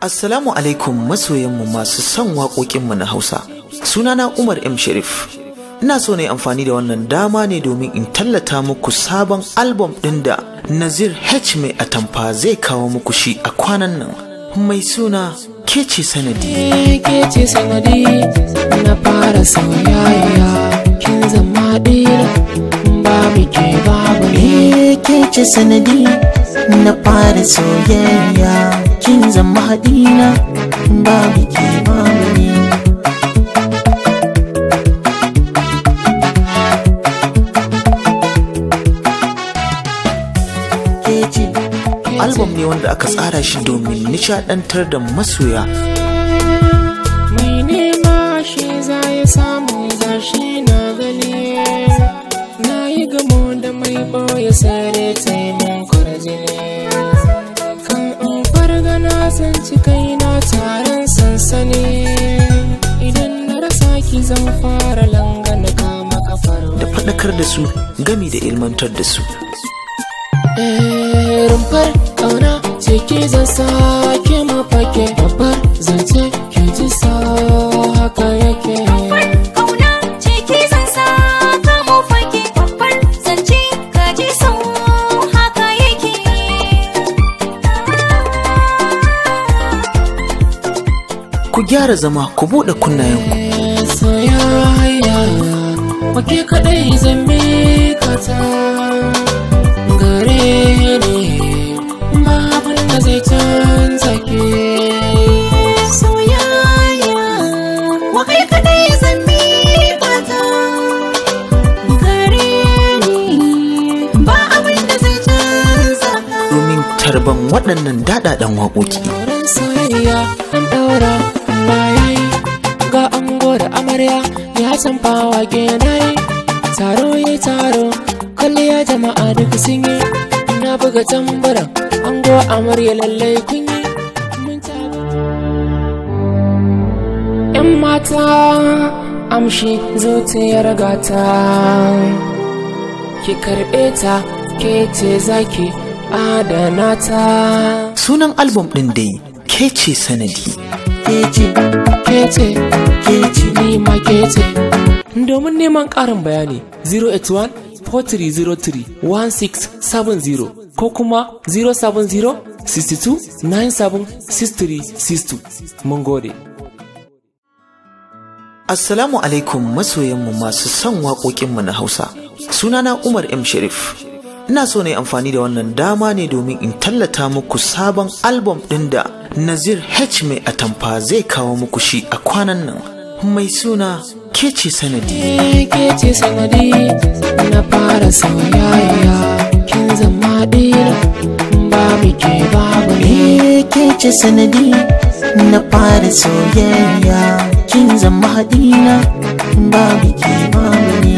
Assalamu alaikum masoyanmu masu son waƙoƙinmu na Hausa. Sunana Umar M. Sharif. Ina so na yi amfani da wannan dama ne domin in tallata muku sabon album ɗin da Nazir H mai atamfa zai kawo muku shi a kwanan nan. Mai suna Kece Sanadi. Kece Sanadi na fara sauyaya kin zama ɗira ba mu ke babu ne. Kece Sanadi na fara soyayya. kin zama babu ke babu ne album ne wanda aka tsara shi domin nishaɗantar da masoya faɗakar da su gami da ilmantar da su eh, rumfar ƙauna ciki zan sake mafake babbar zance ke ji sa haka yake Ku gyara zama ku buɗe kunnayenku. kuma ke kaɗai zan kata gare ne da zai canza ke soyayya kaɗai zan kata gare ni ba da zai canza domin tarban waɗannan daɗaɗan waƙoƙi soyayya an ɗaura bayan ga ango da amarya ya san fawa ke taro ya taro kalliya jama'a duk sun yi na buga tambaran ango amarya lallai kun yi mun yan mata amshi zuciyar gata ki karɓe ta ke ce zaki adana ta sunan album ɗin dai ke ce sanadi ke ce kete kece ni ma kece domin neman ƙarin bayani 081 4303 1670 ko kuma 070 62 97 6362 mun gode Assalamu alaikum masoyanmu masu son waƙoƙinmu na Hausa. Sunana Umar M. Sharif. Ina so na yi amfani da wannan dama ne domin in tallata muku sabon album ɗin da Nazir H mai atamfa zai kawo muku shi a kwanan nan mai suna kece sanadi. Kece eh, sanadi na fara sauyaya kin zama ba babu ke babu ne. Kece sanadi na fara soyayya kin zama ba babu ke babu ne.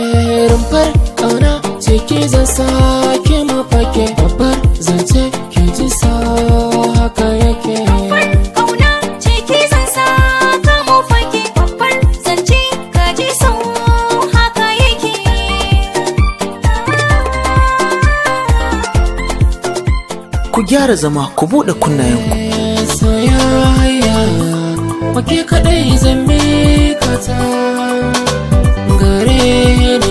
ciki zan sake mafake babbar zance ke ji sa haka yake Ku gyara zama ku buɗe kunnayenku. Soyayya, wake kaɗai zan mika ta gare ni.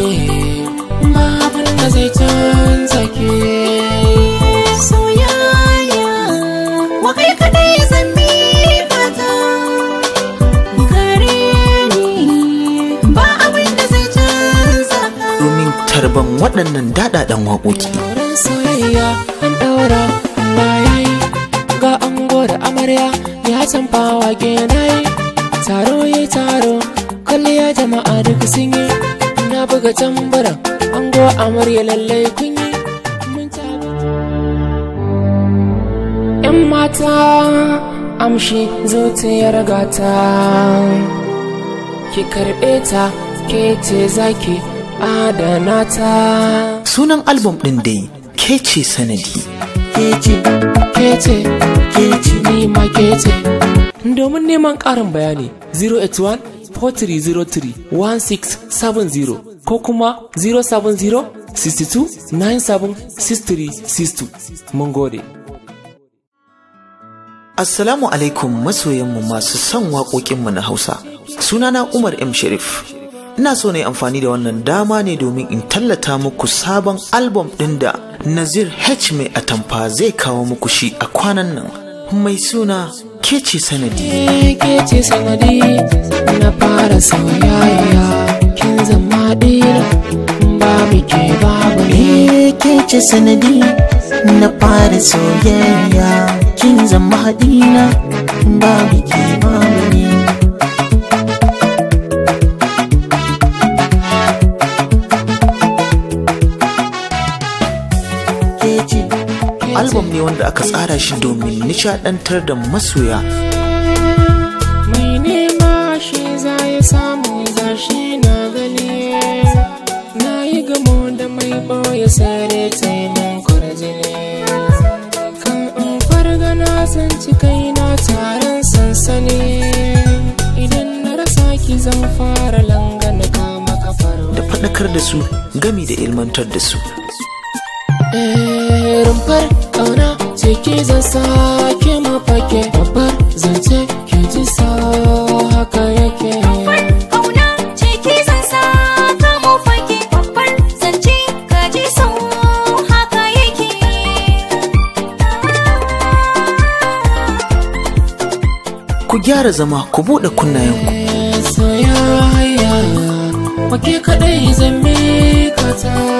a zaitun zaki soyayya wa kai kadai zan bi fata gare ni ba abin da zai canza domin tarban waɗannan daɗaɗan waƙoƙi auren soyayya an ɗaura amma ga ango da amarya ya canfa wage nayi taro ya taro kwalliya jama'a duk sun yi na buga tambara an go amarya lallai kun yi mun yan mata amshi zuciyar gata ki karɓe ta kece zaki adana ta sunan album ɗin dai kece sanadi kece kece kece ni ma kece domin neman ƙarin bayani 081 0303 1670 ko kuma 070 62 97 6362 mun gode Assalamu alaikum masoyanmu masu son waƙoƙinmu na Hausa. Sunana Umar M. Sharif. Ina so na amfani da wannan dama ne domin in tallata muku sabon album ɗin da Nazir H mai atamfa zai kawo muku shi a kwanan nan. Mai suna ke ce sanadi ke ce sanadi na fara sauyaya kin zama dira mu ke babu ne eh, ke ce sanadi na fara soyayya kin zama hadina babu ke babu da aka tsara shi domin nishaɗantar da masoya mai nema shi za ya samu gashi na gani na yi gamo da mai ɓoye sare taimakon kwarjini kan in farga na san cikai taron sansani idan na rasa ki zan fara langana kama kafar da faɗakar da su gami da ilmantar da su eh, rumfar ƙauna ke zan sake mafake babbar zance ke ji sa haka yake Ku gyara zama ku buɗe kunnayenku. Soyayya, wake kaɗai zan mika ta.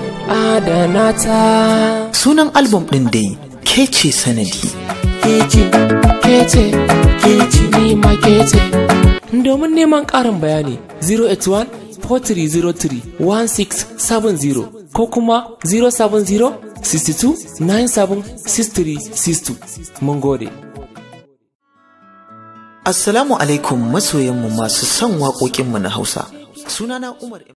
adana ta sunan album ɗin dai kece sanadi kece kece kece ni ma kece domin neman ƙarin bayani 081 4303 1670 ko kuma 070 62 97 6362 mun gode Assalamu alaikum masoyanmu masu son waƙoƙinmu na Hausa. Sunana Umar